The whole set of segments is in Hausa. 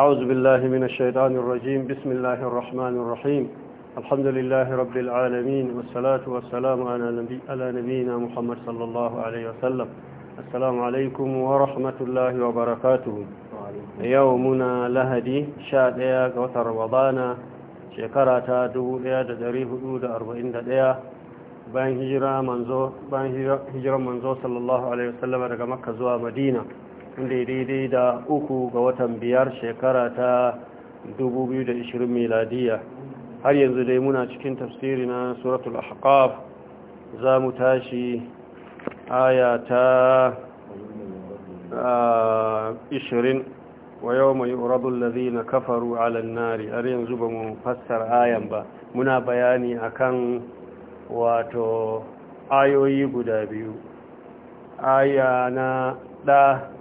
أعوذ بالله من الشيطان الرجيم بسم الله الرحمن الرحيم الحمد لله رب العالمين والصلاة والسلام على, نبي على نبينا محمد صلى الله عليه وسلم السلام عليكم ورحمة الله وبركاته يومنا لهدي شاد إياك وثر وضانا شكرا تادو إياد داري حدود أربعين دقيقة بان هجرة منزو بان هجرة منزو صلى الله عليه وسلم رقمك زوا مدينة daidai da uku ga watan biyar shekara ta 2020 miladiya har yanzu dai muna cikin tafsiri na suratul ahqaf za mu tashi aya ta 20 wa yawma yu'radu alladhina kafaru 'ala an-nari har yanzu ba mu fassar ayan ba muna bayani akan wato ayoyi guda biyu aya na da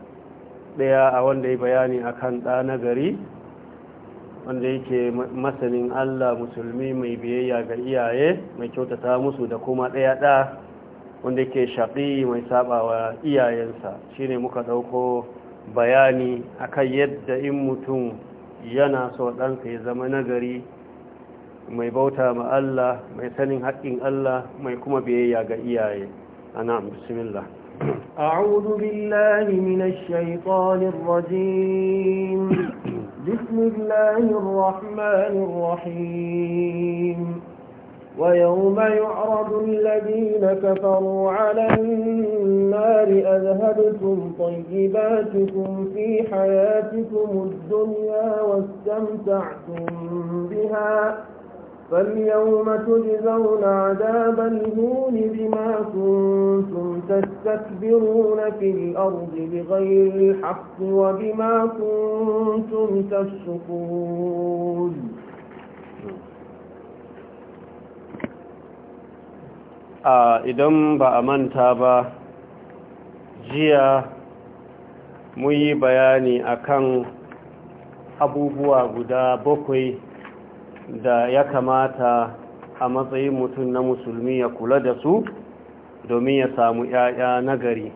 ɗaya a wanda ya bayani akan ɗa na gari wanda yake masanin Allah musulmi mai biyayya ga iyaye mai kyautata musu da kuma ɗaya ɗa wanda yake shaƙi mai sabawa iyayensa shine muka ɗauko bayani akan yadda in mutum yana so ɗansa ya zama nagari mai bauta ma Allah mai sanin haƙƙin Allah mai kuma biyayya ga iyaye ana bismillah أعوذ بالله من الشيطان الرجيم بسم الله الرحمن الرحيم ويوم يعرض الذين كفروا على النار أذهبتم طيباتكم في حياتكم الدنيا واستمتعتم بها فاليوم تجزون عذاب الهون بما كنتم تستكبرون في الأرض بغير الحق وبما كنتم تشكون إذن ba تابا جيا مي بياني أكان أبو بوا akan abubuwa da ya kamata a matsayin mutum na musulmi ya kula da su domin ya samu ‘ya'ya gari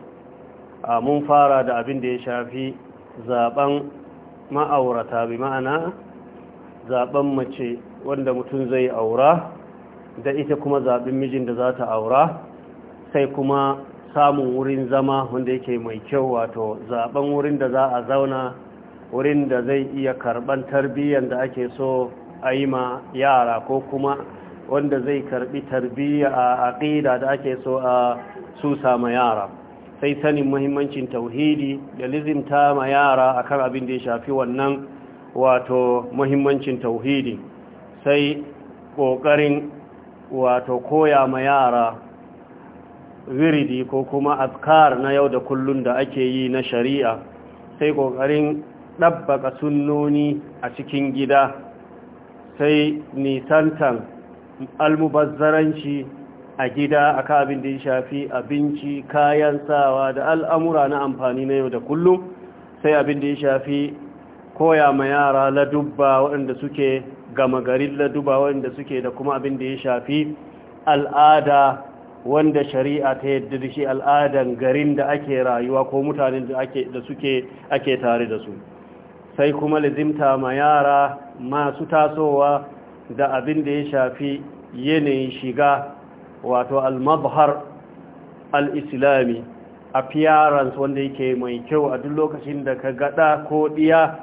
a mun fara da abin da ya shafi zaben ma'aurata bi ma'ana zaben mace wanda mutum zai aura da ita kuma zaben mijin da za ta aura sai kuma samun wurin zama wanda yake mai kyau wato zaben wurin da za a zauna wurin da zai iya karɓan tarbiyyar da ake so a yi ma yara ko kuma wanda zai karbi tarbiyya a aqida da ake so a susa ma yara sai sanin muhimmancin tauhidi da lizimta ma yara akan abin da ya shafi wannan wato muhimmancin tauhidi sai kokarin wato koya ma yara wiridi ko kuma azkar na yau da kullun da ake yi na shari'a sai ƙoƙarin ɗabbaka sunnoni a cikin gida sai nisantan almubazzaranci a gida a abin da ya shafi abinci kayan sawa da al'amura na amfani na yau da kullum sai abin da ya shafi koya ma yara ladubba waɗanda suke gama garin ladubba waɗanda suke da kuma abin da ya shafi al'ada wanda shari'a ta yadda da shi al'adan garin da ake rayuwa ko mutanen da suke ake tare da su sai kuma lizimta ma yara masu tasowa da abin da ya shafi yanayin shiga wato al-mabhar al-islami appearance wanda yake mai kyau a duk lokacin da ka gada ko ɗiya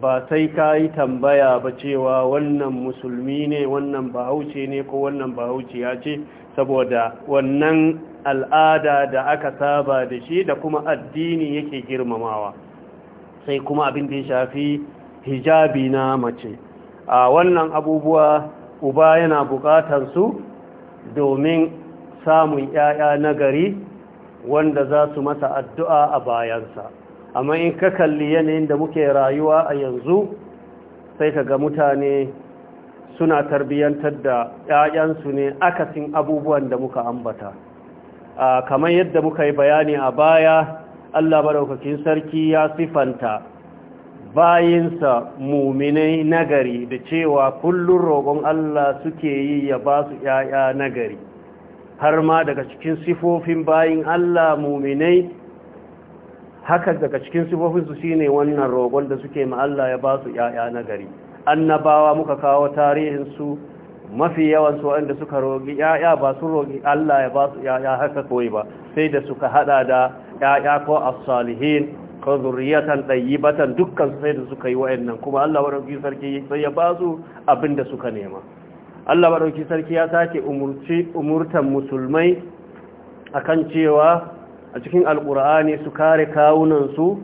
ba sai ka yi tambaya ba cewa wannan musulmi ne wannan bahauce ne ko wannan ya ce saboda wannan al'ada da aka saba da shi da kuma addini yake girmamawa sai kuma abin da ya shafi hijabi na mace a wannan abubuwa uba yana bukatar su domin samun ‘ya'ya nagari, wanda za su masa addu'a a bayansa amma in ka kalli yanayin da muke rayuwa a yanzu sai ka ga mutane suna tarbiyyantar da ‘ya'yansu ne akasin abubuwan da muka ambata kamar yadda muka yi bayani a baya Allah maɗaukakin sarki ya sifanta bayinsa muminai nagari da cewa kullun rogon Allah suke yi ya ba su ‘ya'ya nagari har ma daga cikin sifofin bayin Allah muminai haka daga cikin sifofinsu shi ne wannan roƙon da suke ma Allah ya ba su ‘ya'ya nagari annabawa muka kawo tarihinsu mafi yawansu waɗanda suka roƙi ‘ya'ya ba su roƙi Allah ya ba su ‘ya'ya haka kawai ba sai da suka haɗa da ‘ya'ya ko as-salihin ka zuriyatan ɗayyibatan dukkan sai da suka yi wa'annan kuma Allah maɗauki sarki sai ya ba su abin da suka nema Allah maɗauki sarki ya sake umurtan musulmai akan cewa a cikin alƙur'ani su kare kawunansu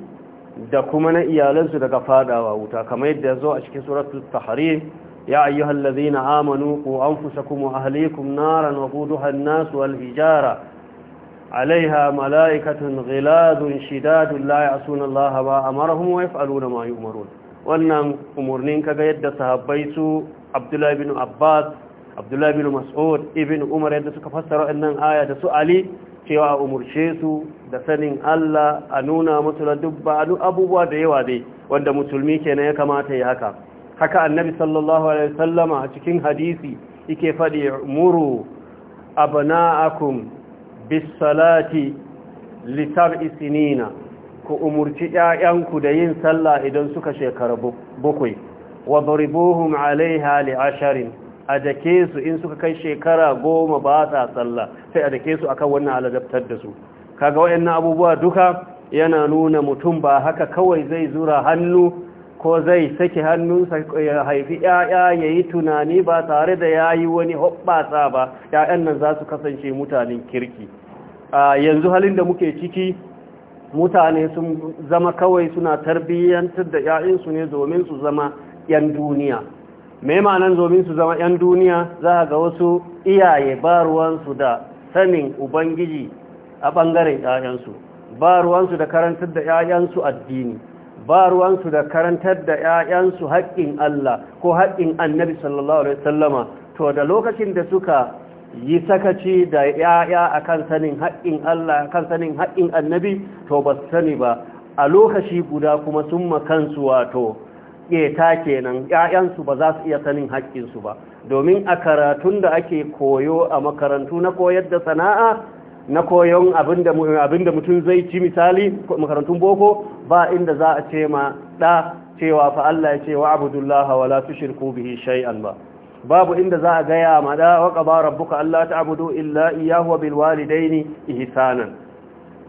da kuma na iyalansu daga fadawa wuta kamar yadda ya zo a cikin suratul tahrim ya ayyuhallazina amanu qu anfusakum wa ahlikum naran waquduha an-nas wal hijara عليها ملائكة غلاد شداد لا يعصون الله ما أمرهم ويفعلون ما يؤمرون wannan umarnin kaga yadda sahabbai su Abdullah Abbas abdullahi bin Mas'ud ibn Umar yadda suka fassara wannan aya da su Ali cewa umurce su da sanin Allah a nuna musu da dubba abubuwa da yawa dai wanda musulmi kenan ya kamata ya haka haka annabi sallallahu alaihi wasallama a cikin hadisi yake fadi muru abna'akum bisalati litar isinina ku umurci 'ya'yanku da yin sallah idan suka shekara bukwai wa daribuhum alaiha li asharin a dake su in suka kai shekara goma ba sa sallah sai a dake su akan wannan aladabtar da su kaga wayannan abubuwa duka yana nuna mutum ba haka kawai zai zura hannu ko zai sake hannunsa ya haifi 'ya'ya ya yi tunani ba tare da ya yi wani hoɓɓasa ba 'ya'yan nan za su kasance mutanen kirki yanzu halin da muke ciki mutane sun zama kawai suna tarbiyyantar da 'ya'yansu ne domin su zama 'yan duniya mai ma'anan domin su zama 'yan duniya za a ga wasu iyaye ba da sanin ubangiji a bangaren 'ya'yansu ba da karantar da 'ya'yansu addini ba da karantar da 'ya'yansu haƙƙin Allah ko haƙƙin annabi sallallahu alaihi wasallama to da lokacin da suka yi sakaci da ya'ya a kan sanin haƙƙin Allah kan sanin haƙƙin annabi to ba su sani ba a lokaci guda kuma sun makansu wato ƙeta kenan ‘ya'yansu ba za su iya sanin haƙƙinsu ba domin a karatun da ake koyo a makarantu na koyar da sana'a na koyon abin da mutum zai ci misali makarantun boko ba inda za a ce ma ɗa cewa fa Allah ya ce wa abudullaha wala tushirku bihi shai'an ba babu inda za a gaya ma da wa ba rabbuka ta abudu illa iyahu bil walidaini ihsanan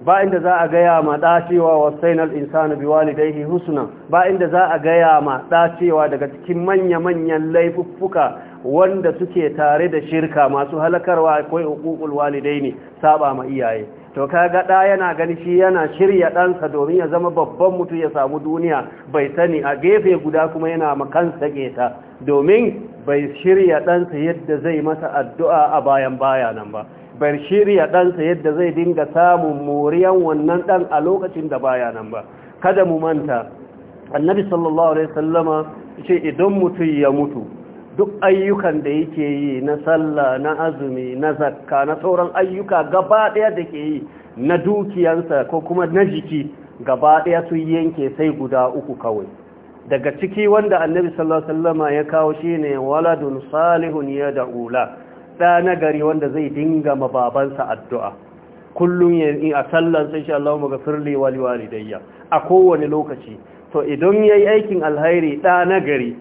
ba inda za a gaya ma da cewa wasainal insanu bi walidayhi husna ba inda za a gaya ma da cewa daga cikin manya manyan laifuffuka wanda suke tare da shirka masu halakarwa akwai huququl walidaini saba ma iyaye to kaga da yana gani shi yana shirya ɗansa domin ya zama babban mutum ya samu duniya bai sani a gefe guda kuma yana makansa keta domin bai shirya ɗansa yadda zai masa addu'a a bayan baya nan ba bai shirya ɗansa yadda zai dinga samun moriyan wannan ɗan a lokacin da baya nan ba kada mu manta annabi sallallahu alaihi sallama ce idan mutum ya mutu duk ayyukan da yake yi na sallah na azumi na zakka na sauran ayyuka gaba ɗaya da ke yi na dukiyansa ko kuma na jiki gaba ɗaya sun yanke sai guda uku kawai daga ciki wanda annabi sallallahu alaihi wasallama ya kawo shine waladun salihun ya da'ula da nagari wanda zai dinga mababansa addu'a kullum ya a sallan sai insha Allah maghfirli wali walidayya a kowane lokaci to idan yayi aikin alkhairi da nagari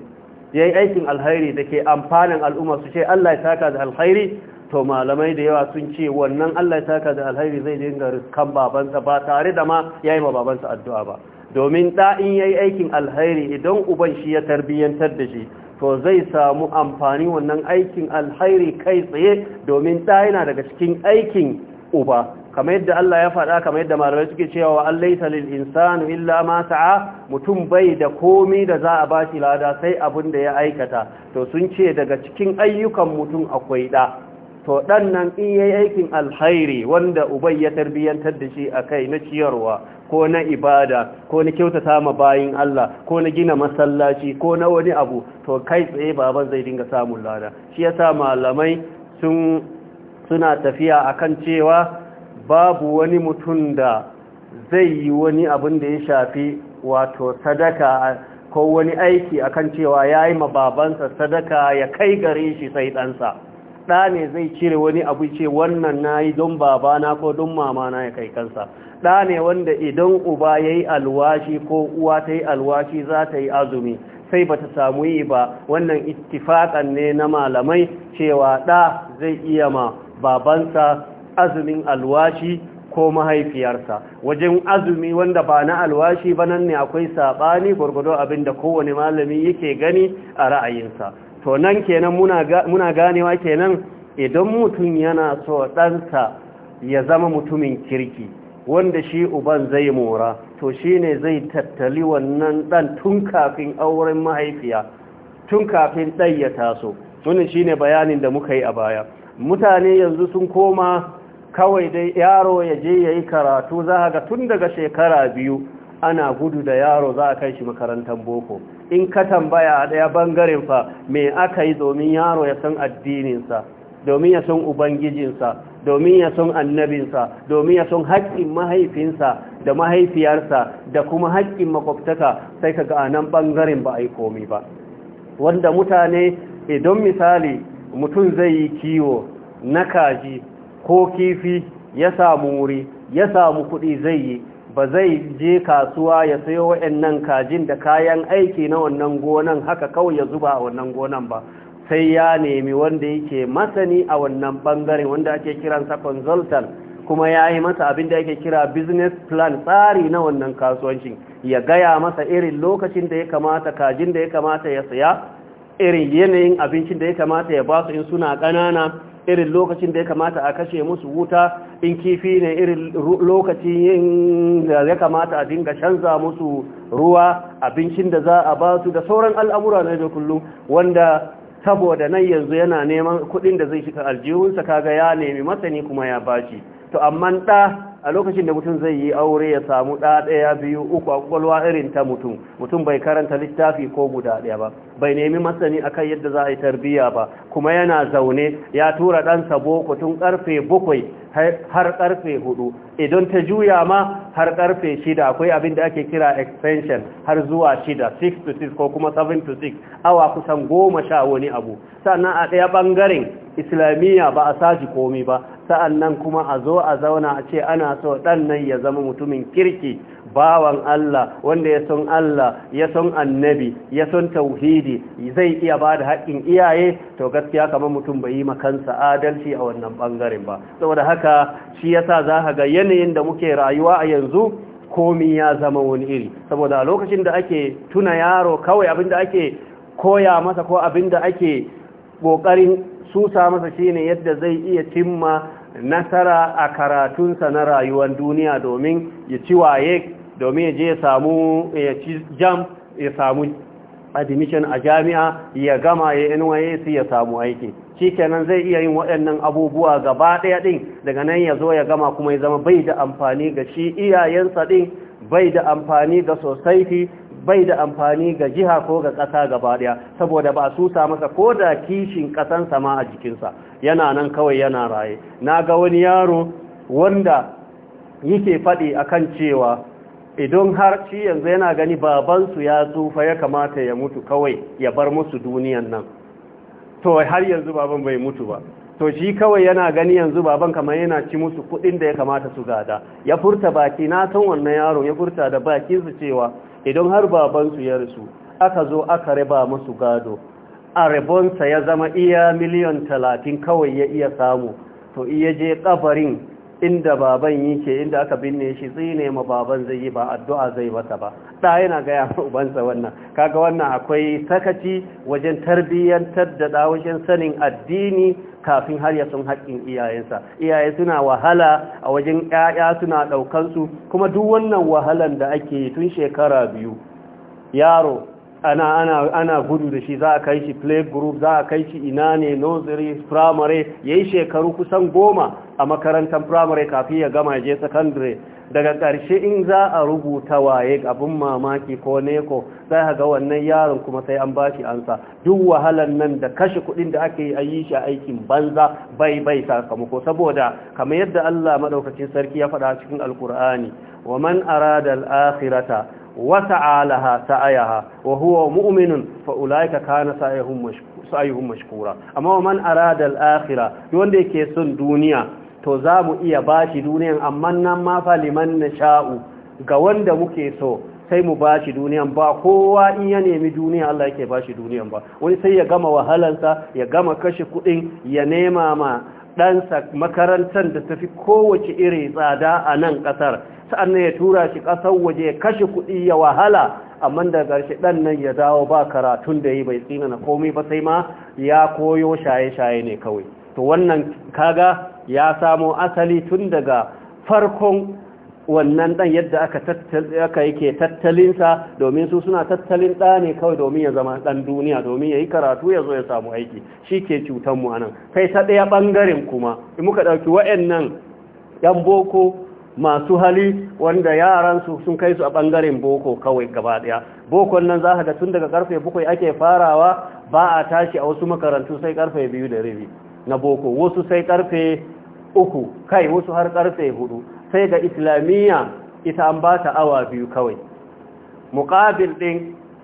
yayi aikin alkhairi dake amfanin al'umma su ce Allah ya saka da alkhairi to malamai da yawa sun ce wannan Allah ya saka da alhairi zai dinga kan babansa ba tare da ma yayi ma babansa addu'a ba domin ɗa'in ya yi aikin alhairi idan uban shi ya tarbiyyantar da shi to zai samu amfani wannan aikin alhairi kai tsaye domin ɗa yana daga cikin aikin uba kamar yadda Allah ya faɗa kamar yadda malamai suke cewa wa allaisa lil insanu illa ma sa'a mutum bai da komi da za a bashi lada sai abin da ya aikata to sun ce daga cikin ayyukan mutum akwai ɗa to ɗan nan in yayi aikin alhairi wanda ubai ya tarbiyyantar da shi kai na ciyarwa ko na ibada ko na kyautata ma bayin Allah ko na gina masallaci ko na wani abu to kai tsaye baban zai dinga samun lada shi yasa malamai sun suna tafiya akan cewa babu wani mutum da zai yi wani abin da ya shafi wato sadaka ko wani aiki akan cewa yayi ma babansa sadaka ya kai gare shi sai ɗansa ɗa ne zai cire wani abu ce wannan na yi don babana ko don mamana ya kai kansa ɗa ne wanda idan uba ya yi alwashi ko uwa ta yi alwashi za ta yi azumi sai ba ta samu yi ba wannan ittifaƙan ne na malamai cewa ɗa zai iya ma babansa azumin alwashi ko mahaifiyarsa wajen azumi wanda ba na alwashi ba nan ne akwai saɓani gwargwado abinda da kowane malami yake gani a ra'ayinsa to nan kenan muna ganewa kenan idan mutum yana so ɗansa ya zama mutumin kirki wanda shi uban zai mora to shi ne zai tattali wannan ɗan tun kafin auren mahaifiya tun kafin ɗan ya taso wannan shi ne bayanin da muka yi a baya mutane yanzu sun koma kawai dai yaro ya je ya yi karatu za ga tun daga shekara biyu ana gudu da yaro za a kai shi makarantar boko in ka tambaya a ɗaya bangaren fa me aka yi domin yaro ya san addininsa domin ya san ubangijinsa domin ya san annabinsa domin ya san haƙƙin mahaifinsa da mahaifiyarsa da kuma haƙƙin makwabtaka sai ka ga a nan ɓangaren ba a yi komi ba wanda mutane idan misali mutum zai yi kiwo na kaji ko kifi ya samu wuri ya samu kuɗi zai yi ba zai je kasuwa ya sayo wa'annan kajin da kayan aiki na wannan gonan haka kawai ya zuba a wannan gonan ba sai ya nemi wanda yake masani a wannan bangaren wanda ake kiransa consultant kuma ya yi masa abin da ake kira business plan tsari na wannan kasuwancin ya gaya masa irin lokacin da ya kamata kajin da ya kamata ya saya irin yanayin abincin da ya kamata ya basu in suna ƙanana irin lokacin da ya kamata a kashe musu wuta in kifi ne irin lokacin da ya kamata a dinga canza musu ruwa abincin da za a ba su da sauran al'amura na da kullum wanda saboda nan yanzu yana neman kuɗin da zai shiga aljihunsa kaga ya nemi masani kuma ya bashi to amma ɗa a lokacin da mutum zai yi aure ya samu ɗa ɗaya biyu uku a irin ta mutum mutum bai karanta littafi ko guda ɗaya ba bai nemi masani a kan yadda za a yi tarbiyya ba kuma yana zaune ya tura ɗansa boko tun ƙarfe bakwai har ƙarfe hudu idan ta juya ma har ƙarfe shida akwai abin da ake kira extension har zuwa shida 6 to 6 ko kuma 7 to 6 awa kusan goma sha wani abu sannan a ɗaya ɓangaren islamiyya ba a saji komi ba sa'annan kuma a zo a zauna a ce ana so ɗan nan ya zama mutumin kirki bawan Allah wanda ya son Allah ya son annabi ya son tauhidi ubangiji zai iya ba da haƙƙin iyaye to gaskiya kamar mutum bai yi makansa adalci a wannan bangaren ba saboda haka shi yasa za ka ga yanayin da muke rayuwa a yanzu komi ya zama wani iri saboda a lokacin da ake tuna yaro kawai abin da ake koya masa ko abin da ake ƙoƙarin susa masa shine yadda zai iya cimma nasara a karatunsa na rayuwar duniya domin ya ci waye domin ya je samu ya ci jam ya samu admission a jami'a ya gama ya NYSC ya samu aiki shikenan zai iya yin waɗannan abubuwa gaba ɗaya ɗin daga nan ya zo ya gama kuma ya zama bai da amfani ga shi iyayensa ɗin bai da amfani ga society bai da amfani ga jiha ko ga ƙasa gaba ɗaya saboda ba su sa masa ko da kishin ƙasansa ma a jikinsa yana nan kawai yana raye na ga wani yaro wanda yake faɗi akan cewa idan har shi yanzu yana gani babansu ya tsufa ya kamata ya mutu kawai ya bar musu duniyan nan to har yanzu baban bai mutu ba to shi kawai yana gani yanzu baban kamar yana ci musu kudin da ya kamata su gada ya furta baki na san wannan yaron ya furta da bakinsu cewa idan har babansu ya rasu aka zo aka riba musu gado a rabonsa ya zama iya miliyan talatin kawai ya iya samu to iya je kabarin inda baban yake inda aka binne shi tsine ma baban zai yi ba addu'a zai mata ba da yana gaya ma ubansa wannan kaga wannan akwai sakaci wajen tarbiyyantar da da sanin addini kafin har ya sun haƙƙin iyayensa iyaye suna wahala a wajen ƴaƴa suna su kuma duk wannan wahalan da ake tun shekara biyu yaro ana ana ana gudu da shi za a kai shi play group za a kai shi ina ne nursery primary yayi shekaru kusan goma a makarantar primary kafin ya gama je secondary daga ƙarshe in za a rubuta waye abin mamaki ko neko sai ga wannan yaron kuma sai an bashi ansa duk wahalan nan da kashe kuɗin da ake yi yi shi aikin banza bai bai sakamako saboda kamar yadda Allah madaukakin sarki ya faɗa cikin alkur'ani wa man arada al-akhirata wa ta'alaha sa'ayaha wa huwa mu'minun fa ulaika kana sa'ayuhum mashkura amma wa man arada al-akhirah wanda yake son duniya to za mu iya bashi duniyan amma nan ma fa liman sha'u, ga wanda muke so sai mu bashi duniyan ba kowa in ya nemi duniya Allah yake bashi duniyan ba wani sai ya gama wahalansa ya gama kashe kudin ya nema ma ɗansa makarantar da tafi kowace iri tsada a nan ƙasar sa'annan ya tura shi ƙasar waje ya kashe kuɗi ya wahala amma da ƙarshe ɗan nan ya dawo ba karatun da yi bai tsina na komai ba sai ma ya koyo shaye-shaye ne kawai to wannan kaga ya samo asali tun daga farkon wannan dan yadda aka aka yake tattalinsa domin su suna tattalin ɗa ne kawai domin ya zama ɗan duniya domin yayi karatu ya zo ya samu aiki shi ke mu a nan Kai ta ɗaya ɓangaren kuma in muka ɗauki wa'annan yan boko masu hali wanda yaransu sun kai su a bangaren boko kawai gaba ɗaya bokon nan za ka ga tun daga ƙarfe 7 ake farawa ba a tashi a wasu makarantu sai karfe 2. da rabi na boko wasu sai karfe uku kai wasu har karfe hudu sai ga islamiyya ita an bata awa biyu kawai mukabil din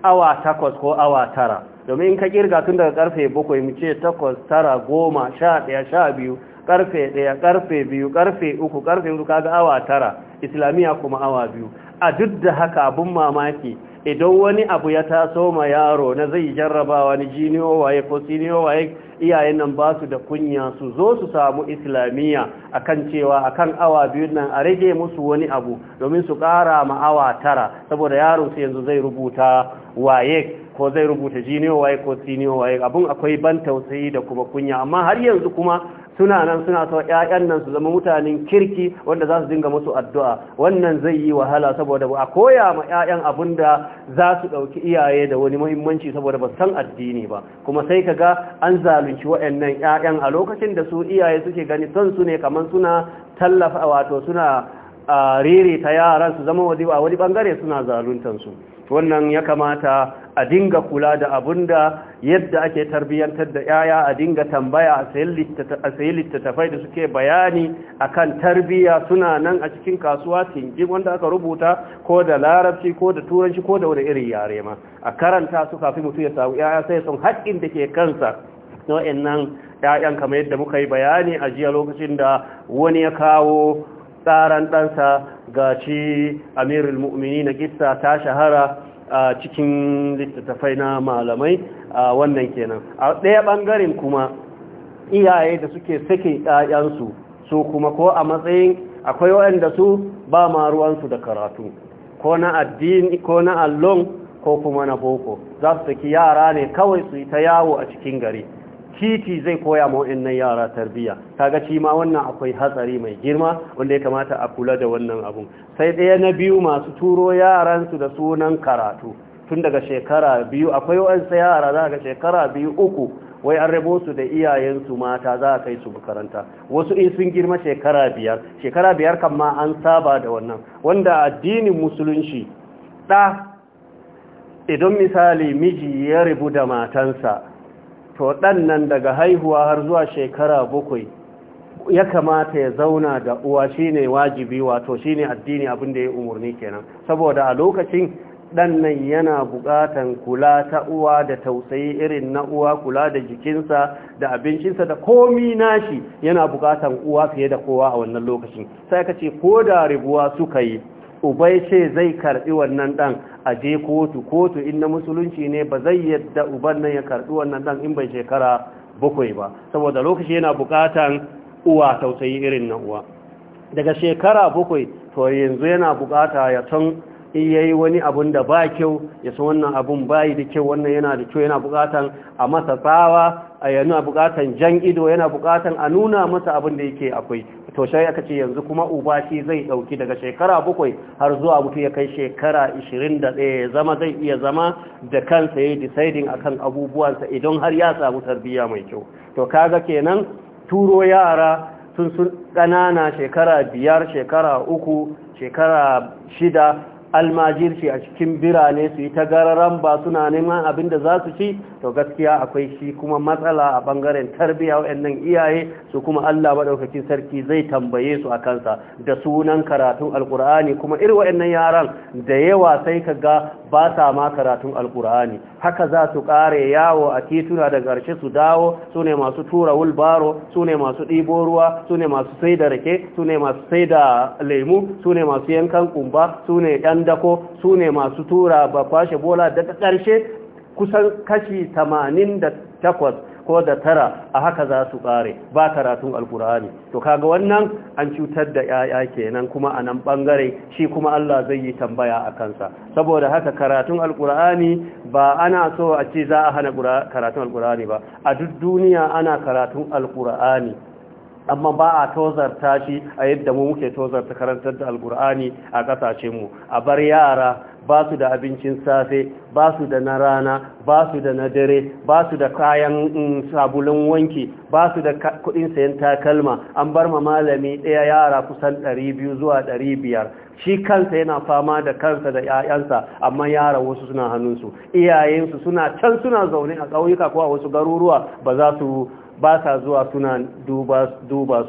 awa takwas ko awa tara domin ka kirga tun daga karfe bakwai mu ce takwas tara goma sha daya sha biyu karfe daya karfe biyu karfe uku karfe hudu kaga awa tara islamiyya kuma awa biyu a dudda haka abun mamaki idan wani abu ya taso ma yaro na zai jarrabawa ni jiniyo waye ko siniowaye. iyayen nan ba su da kunya su zo su samu islamiyya akan cewa akan awa biyu nan a rage musu wani abu domin su ƙara ma awa tara saboda yaron su yanzu zai rubuta waye ko zai rubuta jiniyo waye ko siniyo waye abun akwai ban tausayi da kuma kunya amma har yanzu kuma suna nan suna son ƴaƴan nan su zama mutanen kirki wanda za su dinga musu addu'a wannan zai yi wahala saboda ba a koya ma ƴaƴan abin da za su ɗauki iyaye da wani muhimmanci saboda ba san addini ba kuma sai ka ga an zalunci waɗannan ƴaƴan a lokacin da su iyaye suke gani son su ne kamar suna tallafa wato suna ririta ta yaran su zama wadi a wani bangare suna zaluntansu wannan ya kamata a dinga kula da da yadda ake tarbiyyantar da yaya a dinga tambaya a sayi littattafai da suke bayani a kan tarbiyya suna nan a cikin kasuwa tinjin wanda aka rubuta ko da larabci ko da turanci ko da wani irin yare ma a karanta su kafin mutu ya samu yaya sai sun haƙƙin da ke kansa nau'in nan ya'yan kamar yadda muka yi bayani a jiya lokacin da wani ya kawo tsaran ɗansa ga ci amirul mu'mini na gissa ta shahara a cikin littattafai na malamai a wannan kenan a ɗaya ɓangaren kuma iyaye da suke sake ɗayansu su kuma ko a matsayin akwai waɗanda su ba ma ruwansu da karatu ko na addini ko na allon ko kuma na boko za su saki yara ne kawai su yi ta yawo a cikin gari titi zai koya wa wa'annan yara tarbiyya kaga shi ma wannan akwai hatsari mai girma wanda ya kamata a kula da wannan abun sai ɗaya na biyu masu turo yaransu da sunan karatu tun daga shekara biyu akwai wa'ansu yara za ga shekara biyu uku wai an rabo su da iyayensu mata za a kai su makaranta wasu in sun girma shekara biyar shekara biyar kan ma an saba da wannan wanda addinin musulunci ɗa idan misali miji ya rabu da matansa to ɗannan daga haihuwa har zuwa shekara bakwai ya kamata ya zauna da uwa shine wajibi wato shine addini abin da ya umarni kenan saboda a lokacin ɗannan yana buƙatan kula ta uwa da tausayi irin na uwa kula da jikinsa da abincinsa da komi nashi yana buƙatan uwa fiye da kowa a wannan lokacin sai ka ce ko da ribuwa suka yi Ubai ce zai karbi wannan ɗan a je kotu kotu in na musulunci ne ba zai yadda uban nan ya karbi wannan ɗan in bai shekara bakwai ba saboda lokaci yana bukatan uwa tausayi irin na uwa daga shekara bakwai to yanzu yana bukata ya san iya yayi wani abun da ba kyau ya san wannan abun bayi da kyau wannan yana da kyau yana bukatan a masa tsawa a a buƙatan jan ido yana buƙatan a nuna masa abin da yake akwai to shi aka ce yanzu kuma uba shi zai ɗauki daga shekara bakwai har zuwa mutu ya kai shekara 21 ya zama zai iya zama da kansa ya yi deciding akan abubuwansa idan har ya samu tarbiyya mai kyau to kaga kenan turo yara sun sun kanana shekara biyar shekara uku shekara shida almajirci a cikin birane su yi ta gararan ba suna neman abin da za su ci to gaskiya akwai shi kuma matsala a bangaren tarbiya waɗannan iyaye su kuma Allah maɗaukakin sarki zai tambaye su a kansa da sunan karatun alkur'ani kuma irin waɗannan yaran da yawa sai ka ga ba sa ma karatun alkur'ani haka za su kare yawo a tituna da garshe su dawo su ne masu tura wulbaro su ne masu ɗibo ruwa su ne masu sai da rake su ne masu sai da lemu su ne masu yankan kumba su ne ɗan dako su ne masu tura ba kwashe bola daga ƙarshe kusan kashi 88 ko da tara a haka za su ƙare ba karatun alkur'ani to kaga wannan an cutar da yaya kenan kuma a nan bangare shi kuma Allah zai yi tambaya a kansa saboda haka karatun alkur'ani ba ana so a ce za a hana karatun alkur'ani ba a duk duniya ana karatun alkur'ani amma ba a tozarta shi a yadda mu muke tozarta karantar da alkur'ani a kasashenmu a bar yara ba su da abincin safe ba su da na rana ba su da na dare ba su da kayan mm, sabulun wanki ba su da kudin sayan takalma an bar ma malami ɗaya yara kusan 200 zuwa 500 shi kansa yana fama da kansa da 'ya'yansa amma yara wasu suna hannunsu iyayensu suna can suna zaune a ƙauyuka ko a wasu garuruwa ba za su ba sa zuwa suna duba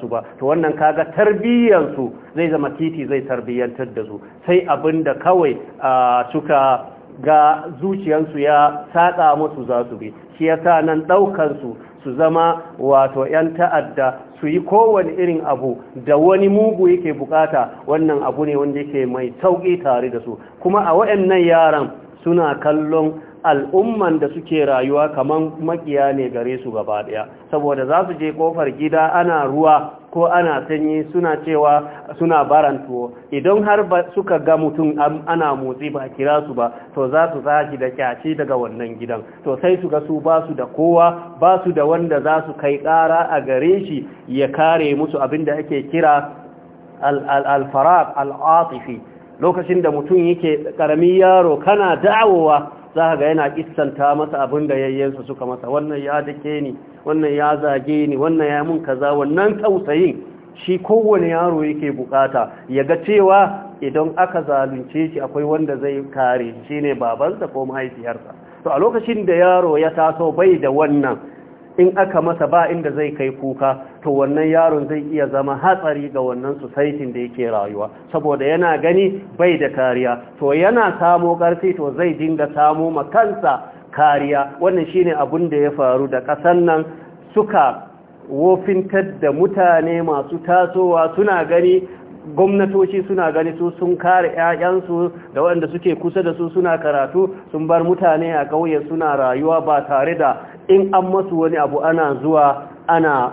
su ba to wannan kaga tarbiyyansu zai zama titi zai tarbiyyantar da su sai abin da kawai a suka ga zuciyarsu ya saƙa musu za su bi shi ya sa nan ɗaukansu su zama wato 'yan ta'adda su yi kowane irin abu da wani mugu yake bukata wannan abu ne wanda yake mai sauƙi tare da su kuma a waɗannan yaran suna kallon al'umman da suke rayuwa kamar makiya ne gare su gaba daya saboda za su je ƙofar gida ana ruwa ko ana sanyi suna cewa suna barantuwo idan har ba suka ga mutum ana motsi ba kira su ba to za su tashi da kyaci daga wannan gidan to sai su ga su ba su da kowa ba su da wanda za su kai ƙara a gare shi ya kare musu abin da ake kira al-faraq al-atifi lokacin da mutum yake karami yaro kana da'awowa za ga yana kistanta masa abin da yayyensa suka masa wannan ya dake ni wannan ya zage ni wannan ya mun kaza wannan tausayin shi kowane yaro yake bukata ya ga cewa idan aka zalunce shi akwai wanda zai kare ne babansa ko mahaifiyarsa to a lokacin da yaro ya taso bai da wannan in aka masa ba inda zai kai kuka to wannan yaron zai iya zama hatsari ga wannan societin da yake rayuwa saboda yana gani bai da kariya to yana samo ƙarfi to zai dinga samo makansa kariya wannan shine abun da ya faru da ƙasar nan suka wofintar da mutane masu tasowa suna gani gwamnatoci suna gani su sun kare 'ya'yansu da waɗanda suke kusa da su suna karatu sun bar mutane a ƙauye suna rayuwa ba tare da in an masu wani abu ana zuwa ana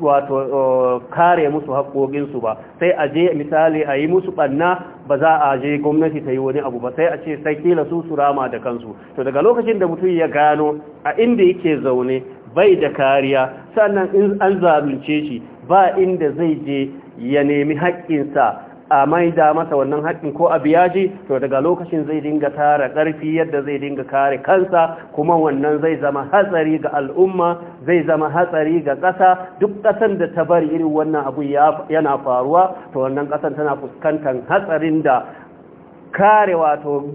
wato uh, kare musu haƙoƙinsu ba sai a je misali a yi musu ɓanna ba za a je gwamnati ta yi wani abu ba sai a ce sai kila su su rama da kansu to daga lokacin da mutum ya gano a inda yake zaune bai da kariya sannan in an zalunce shi ba inda zai je ya nemi haƙƙinsa a maida masa wannan haƙin ko a biyaji to daga lokacin zai dinga tara ƙarfi yadda zai dinga kare kansa kuma wannan zai zama hatsari ga al'umma zai zama hatsari ga ƙasa duk ƙasan da ta bari irin wannan abu yana faruwa to wannan ƙasan tana fuskantar hatsarin da kare wato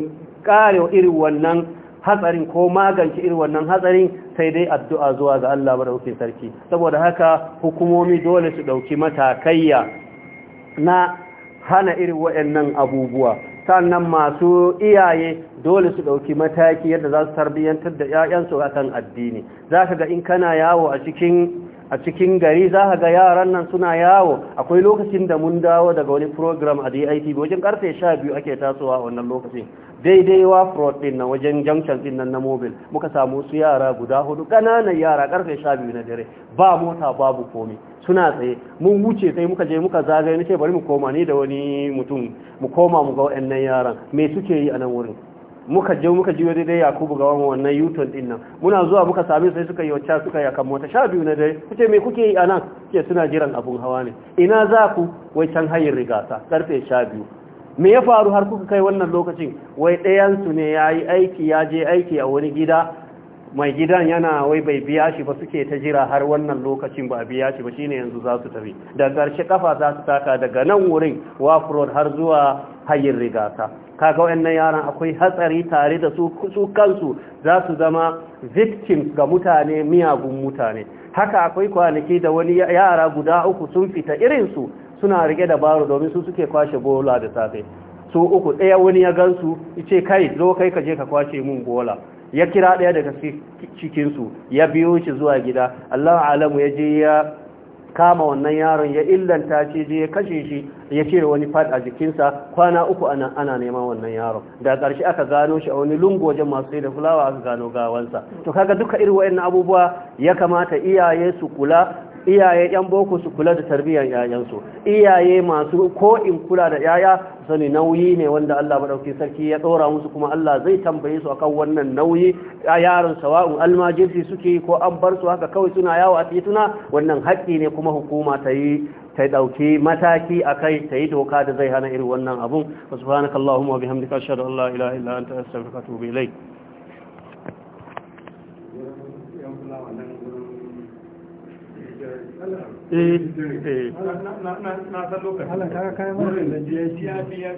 kare irin wannan hatsarin ko magance irin wannan hatsarin sai dai addu'a zuwa ga Allah madaukakin sarki saboda haka hukumomi dole su ɗauki matakaiya na hana irin waɗannan abubuwa sannan masu iyaye dole su ɗauki mataki yadda za su tarbiyyantar da 'ya'yansu akan addini za ka ga in kana yawo a cikin a cikin gari za ga yaran nan suna yawo akwai lokacin da mun dawo daga wani program a DITB wajen karfe 12 ake tasowa a wannan lokacin daidai wa fraud din nan wajen junction din nan na mobile muka samu su yara guda hudu kananan yara karfe 12 na dare ba mota babu komai suna tsaye mun wuce sai muka je muka zagaye nace bari mu koma ni da wani mutum mu koma mu ga wayannan yaran me suke yi a nan wurin muka je muka ji wani dai yakubu ga wannan yuton din nan muna zuwa muka sami sai suka yi wacce suka yaka mota sha biyu na dare kuce me kuke yi anan ke suna jiran abun hawa ne ina za ku wai can hayin rigasa karfe sha biyu me ya faru har kuka kai wannan lokacin wai ɗayan su ne yayi aiki ya je aiki a wani gida mai gidan yana wai bai biya shi ba suke ta jira har wannan lokacin ba a biya shi ba shine yanzu za su tafi da ƙarshe kafa za su taka daga nan wurin wafurod har zuwa hayin rigasa kaga wayannan yaran akwai hatsari tare da su su kansu za su zama victims ga mutane miyagun mutane haka akwai kwanaki da wani yara guda uku sun fita irinsu suna rike da baro domin su suke kwashe bola da safe su uku ɗaya wani ya gansu ce kai zo kai ka je ka kwashe mun bola ya kira ɗaya daga cikinsu ya biyo shi zuwa gida Allah alamu ya je ya kama wannan yaron ya illanta shi je ya kashe shi ya cire wani fad a jikinsa kwana uku ana, ana neman wannan yaron da ƙarshe aka gano shi a wani lungu masu sai da fulawa aka gano gawansa to kaga duka irin na abubuwa ya kamata iyaye su kula iyaye yan boko su kula da tarbiyyar yayansu iyaye masu ko in kula da yaya sani nauyi ne wanda Allah madauki sarki ya tsora musu kuma Allah zai tambaye su akan wannan nauyi a yaron sawa'un almajirsi suke ko an bar su haka kawai suna yawo a tituna wannan haƙƙi ne kuma hukuma ta yi ta dauki mataki akai ta yi doka da zai hana irin wannan abun subhanakallahumma wa bihamdika ashhadu an la ilaha illa anta astaghfiruka wa atubu Eh, eh eh na san lokacin